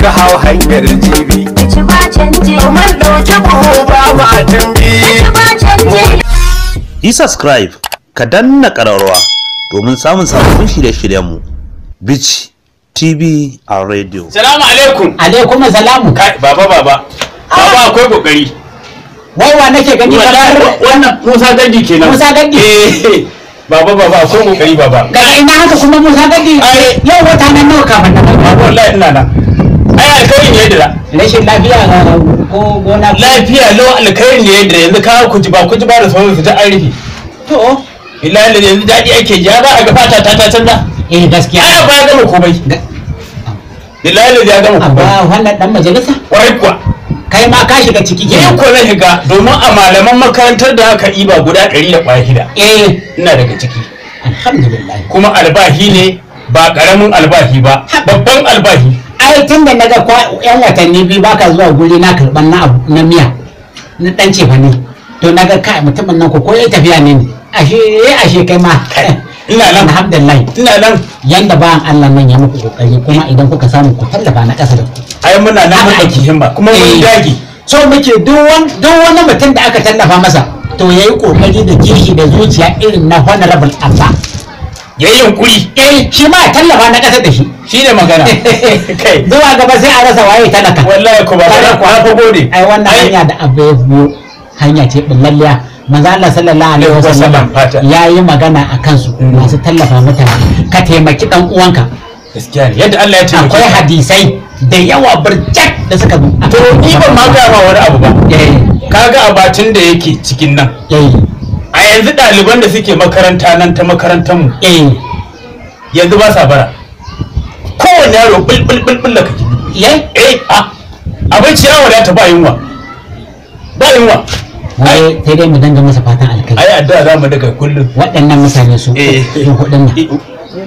ka hau hanyar jibi ma yi subscribe ka danna ƙararrawa domin samun sabbin shirye-shiryenmu bici tv a radio salamu alaikum alaikum salamu baba ah. eh, baba baba akwai kokari wawa wa nake gani wannan musa dangi kenan musa dangi baba baba so kokari baba ga ina haka kuma musa dangi yau wata nan nawa kafin nan wallahi ina nan ai alkhairi ne dira rashin lafiya ko gona lafiya lau alkhairi ne dira yanzu ka kujiba kujiba da su ta an rufe to ilal yanzu daɗi ake ya ba a ga fata ta ta canza eh gaskiya ana ba gama komai ilal ya gama komai ba wannan dan majalisa kwarai kuwa kai ma ka shiga ciki ke ko na shiga domin a malaman makarantar da aka iba guda ɗari da kwaya shida eh ina daga ciki alhamdulillah kuma albahi ne ba ƙaramin albahi ba babban albahi ai tun da na ga yan watanni biyu baka zuwa guri na karban na abu na miya na dan cefa ne to na ga kai mutumin nan ko ko ya tafiya ne ne ashe eh, ashe kai ma ina nan alhamdulillah ina nan yanda bayan Allah nan ya muku kokari kuma idan kuka samu ku tallafa na kasa da ku ai muna nan mun aiki ba kuma mun eh. dagi so muke duk wani mutum da aka tallafa masa to yayi kokari da kirki da zuciya irin na honorable Allah ya yi yunkuri eh shi ma tallafa na ƙasa da shi shi ne magana zuwa gaba sai a rasa waye talaka wallahi ku ba na ku gode ai wannan hanya da abu ya biyo hanya ce ballalliya manzo Allah sallallahu alaihi wasallam ya yi magana a kansu mm. masu tallafa mutane ka taimaki dan uwanka gaskiya ne yadda Allah ya ce akwai hadisai da yawa burjak da suka zo to ni ban ma ga ma wani abu ba eh. kaga abacin da yake cikin nan eh. yanzu ɗaliban da suke makaranta nan ta makarantar mu eh. yanzu ba sa bara kowane yaro bulbulbul da kake eh a abinci ya wadata ba yunwa ba yunwa sai dai mu danga masa fatan alkai ai addu'a za mu daga kullum waɗannan mutane su eh. hudun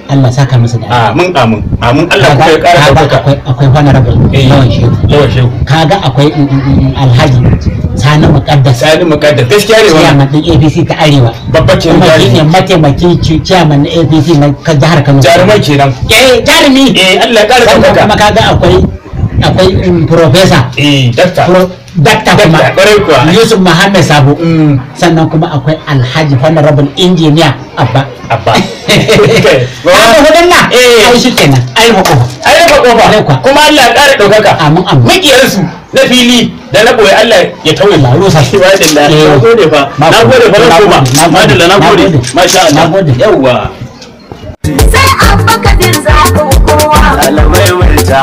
Allah saka masa da mun amin amin Allah kuma ya kara barka akwai akwai honorable yawan eh, shehu yawan shehu kaga akwai mm, mm, mm, alhaji sani muqaddas sani muqaddas gaskiya ne wannan ya din APC ta arewa babba ce ne kuma shine mataimakin chairman na APC na jihar Kano jarumai kenan eh jarumi eh Allah ya kara da kuma kaga akwai akwai um, profesa eh, dakta kuma yusuf muhammed sabu mm. sannan kuma akwai alhaji honorable engineer abba abba abu hudun na ai shi kenan ai makofa ai makofa kuma allah ya ƙara ɗaukaka amin amin makiyarsu na fili da na ɓoye allah ya tauye ma rusa shi ba da na gode fa na gode fa na koma madalla na gode masha allah na gode yawwa sai abba kadir zaɓin kowa alamai marta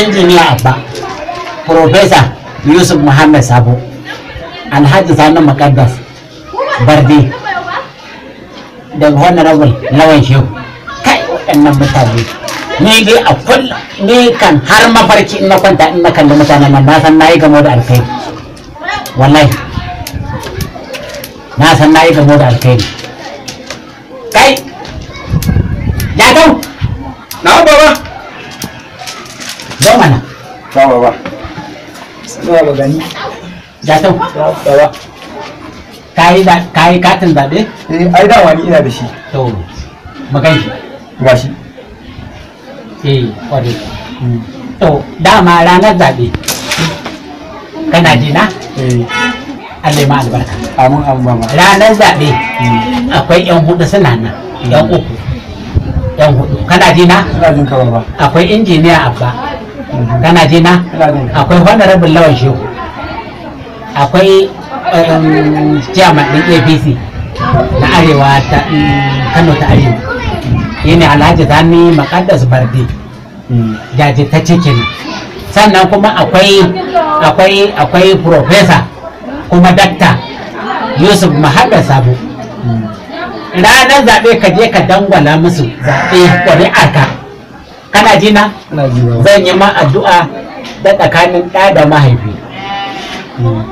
injiniya abba profesa yusuf muhammad sabo alhaji sani makaddas bardi da honorable lawan shehu kai waɗannan mutane ni dai a kullum ni kan har mafarki in na kwanta in na kalli mutanen nan na san na yi gamo da alkhairi wallahi na san na yi gamo da alkhairi kai ya dau na baba Zo mana. Ba Zuwa ba gani. da katin zabe? Eh ai da wani ina da shi. To. Magan shi. Ga shi. Eh hmm. To dama ranar zabe. Kana ji na? Eh. Allah albarka. Amin amin Ranar zabe. Hmm. Akwai yan hudu suna nan. Yan hmm. uku. Yan hudu. Kana ji na? Ina jin ka Akwai injiniya abba. kana je na akwai wannan rabin lawan shehu akwai um, chairman apc na arewa ta um, kano ta arewa yana alhaji zani makaddas barde jaji ta cikin sannan kuma akwai akwai akwai professor kuma dakta yusuf mahaɗa sabo ranar zaɓe ka je ka dangwala musu zaɓe ka kana ji na zan yi ma addu'a da tsakanin ɗa da mahaifi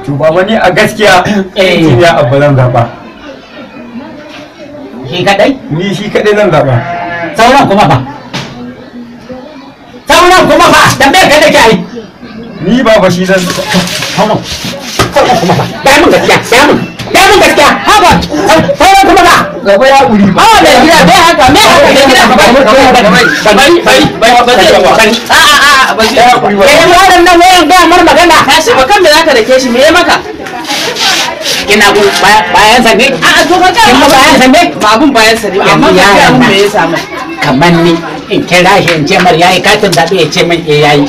to ba wani a gaskiya eh. injiniya abu zan zaɓa shi kaɗai ni shi kaɗai zan zaɓa sauran kuma ba sauran kuma ba tambayar ka nake ai ni ba ba shi zan sauran kuma ba da mun gaskiya da mun gaskiya haba gaba ya buri ba a da gida bai haka me haka da gida ka bari bari ba bai ba zai yawa bari a a a ba zai yawa ba yi wannan nan wayan ga mar magana ka shi ba kan me zaka dake shi me maka kina gun bayan sa ne a to ka ga bayan sa ne ba gun bayan sa ne amma ka ga mun me ya samu kamar ni in kira shi in ce mar yayi katin zabe ya ce min eh yayi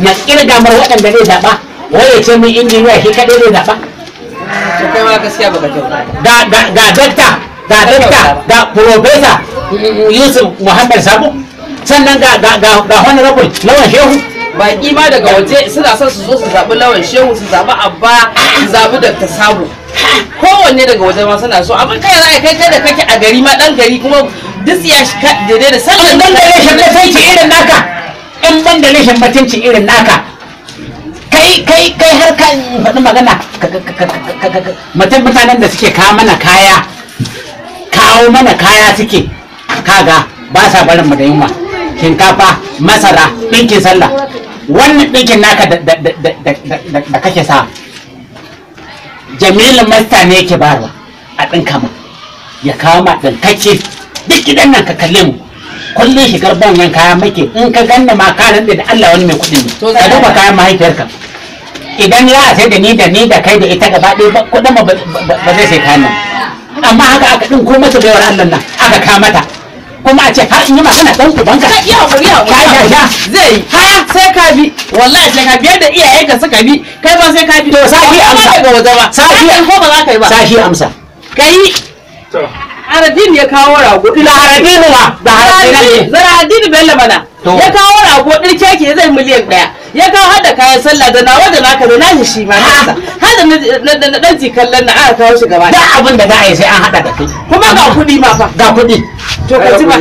na kirga mar waɗanda zai zaba wai ya ce min injiniya shi kadai zai zaba kai ma gaskiya baka kyau ga ga dakta ga dokta ga profesa yusuf muhammad sabu sannan ga ga ga ga honorable lawan shehu baki ma daga waje suna son su zo su zaɓi lawan shehu su zaɓi abba su zaɓi dakta sabu kowanne daga waje ma suna so amma kai ra'ayi kai kai da kake a gari ma dan gari kuma duk ya shi daidai da sallan dan gari shi da sai ci irin naka in ban da rashin mutunci irin naka kai kai kai har kan faɗi magana mutum mutanen da suke kawo mana kaya kawo mana kaya suke kaga ba sa barin mu da yunwa shinkafa masara ɗinkin sallah wannan ɗinkin naka da kake sa jamilu masta ne yake barwa a ɗinka ma ya kawo ma ɗinkacce duk gidan nan ka kalle mu kullum shigar banyan kaya muke in ka ganna ma ka rantsa da Allah wani mai kuɗi ne ka duba kayan mahaifiyarka idan ya sai da ni da ni da kai da ita gaba ɗaya kuɗin ba zai sai kayan nan amma haka aka din ko mata bayar Allah nan aka ka mata kuma a ce har in yi magana dan ku banka ya hakuri ya ya ya zai ha sai ka bi wallahi sai ka biyar da iyaye ka suka bi kai ba sai ka bi to sai amsa ga waje ba sai ko ba za ka yi ba sai amsa kai to aradin ya kawo rago ila aradin wa da aradin zara aradin bella bana ya kawo ko keke ke zai miliyan ɗaya ya kawo da kayan sallah da nawa da naka da nashi shi ma nasa hada na ɗan jikallon na aka kawo shi gaba da abin da za a yi sai an hada da kai kuma ga kuɗi ma fa ga kuɗi to ka ci ba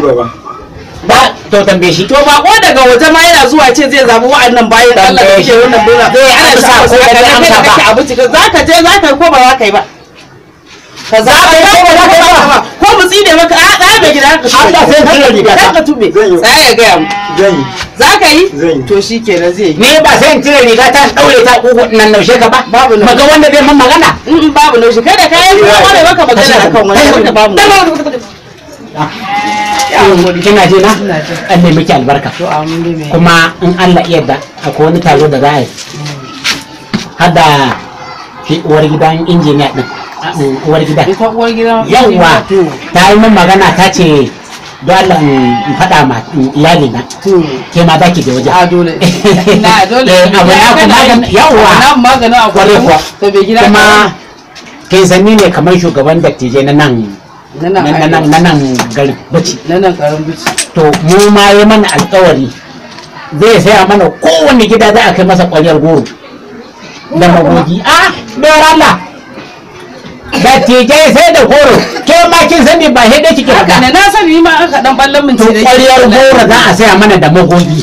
ba to tambaye shi to ko daga waje ma yana zuwa ce zai zabi wa'annan bayan Allah da ke wannan bura zai eh, ana sa ko da ka amsa ba abinci ka zaka je zaka ko ba ka yi ba ka yi ko ba ka yi ba mu tsine maka ah, a da mai gida ka Allah sai riga ka ka tube ga zan yi yi to shikenan zai yi ne ba sai in riga ta daure ta nan naushe ka ba babu maga wanda bai man magana in mm, mm, babu naushe kai da kai ba ne maka magana akan wanda babu kina je na Allah miki albarka kuma in Allah iya da akwai wani taro da za a yi mm. hada uwar gidan injiniya din uwar gida yawwa ta yi min magana ta ce dole in faɗa ma iyali na ke ma waje a dole na dole eh, abu magana yawwa na magana a kuwa kuma zanni ne kamar shugaban dattijai na nan na nan garin buci na nan garin to mu ma yi mana alkawari zai saya mana kowane gida za a kai masa kwanyar goro da magogi a ah, don Allah dattijai sai da goro ke ma kin sani ba sai dai kike faɗa na sani ma an kaɗan ballan mun ce ƙwaryar goro za a saya mana da magogi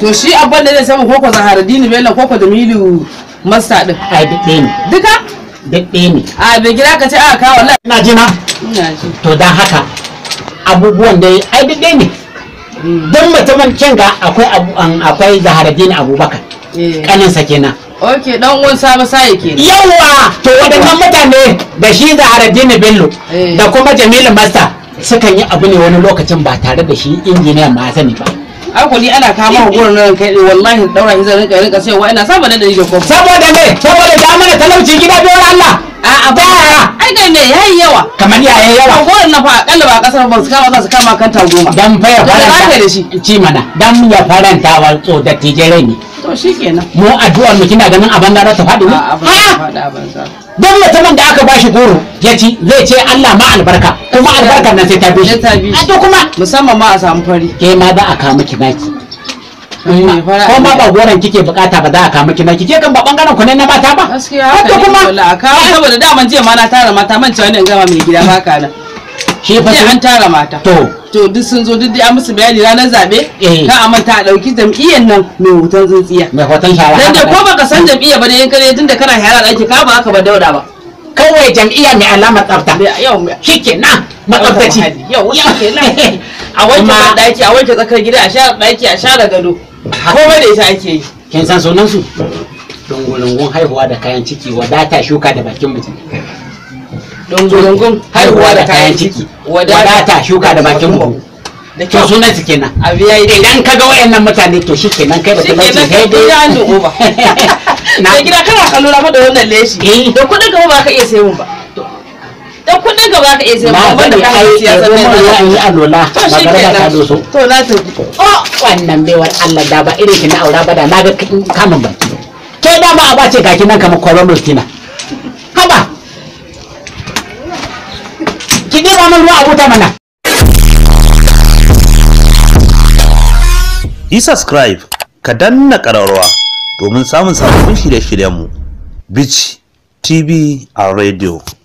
to shi abban da zai sama koko zaharadini bello koko da milu masta din ai dade ne duka dade ne a bai gida ka ce a kawo wallahi ina ji na to dan haka abubuwan da ai dade ne mm. don mutumin kin ga akwai akwai dini abubakar kanin eh. sa kenan ok dan uwan sabo sai ke yawa to waɗannan mutane da shi zaharaddini bello eh. da kuma jamilu masta sukan yi abu ne wani lokacin ba tare da shi injiniya ma sani ba ako ni ana kama gurin nan kai wallahi daura shi zan rinka rinka sai wa ina saba nan da yake kuma saboda me saboda da mana talauci gida biyar Allah a a ba ai dai ne, yayi yawa kamar yayi yawa gurin nan fa akalla ba kasar ba su kama za su kama kan ta goma dan fa ya faranta da shi ci mana dan ya faranta wa tso tijere ne to shikenan mu addu'ar mu kina ganin abin da ta faɗi ne don mutumin da aka bashi goro ya ci zai ce Allah ma albarka kuma albarkar nan sai ta bi shi a to kuma musamman ma a samu fari ke ma za a kama ki naki eh, ko ma ba goron kike bukata ba za a kama kinaki ke kan ba bangaren ku ne na mata ba a haka kuma. saboda daman jiya ma na tara mata man cewa ne in gama mai gida baka shi fa sai an tara mata to to duk sun zo duk an musu bayani ranar zabe eh. ka amanta a dauki jam'iyyar nan mai hoton tsintsiya mai hoton shara dan da ko baka san jam'iyya ba da yan kare tunda kana yara da ake ka ba haka ba dauda ba kawai jam'iyya mai alamar tsafta yau shikenan matsaftaci yau shikenan a wanke daki a wanke tsakar gida a share daki a share gado komai da ita ake yi kin san sunan su dungulungun haihuwa da kayan ciki wadata shuka da bakin mutum dungurungun haihuwa da kayan ciki wadata shuka da bakin mu ke sunan su kenan idan ka ga wayannan mutane to shi kenan kai ba ta lauci sai dai ya ni uba na gida kana kallo na da wannan leshi eh. da kudin gaba ba ka iya sayo ba da kudin gaba ka iya sayo ba da ka yi siyasa ne na yi alola ba ga ka so to na to o wannan baiwar Allah da ba irin ki na aura ba da na ga kamun ba ke da ma a bace gaki nan kamar corona kina zuba man ruwa a wuta mana yi subscribe ka danna ƙararrawa domin samun sabbin shirye-shiryenmu bici tv a radio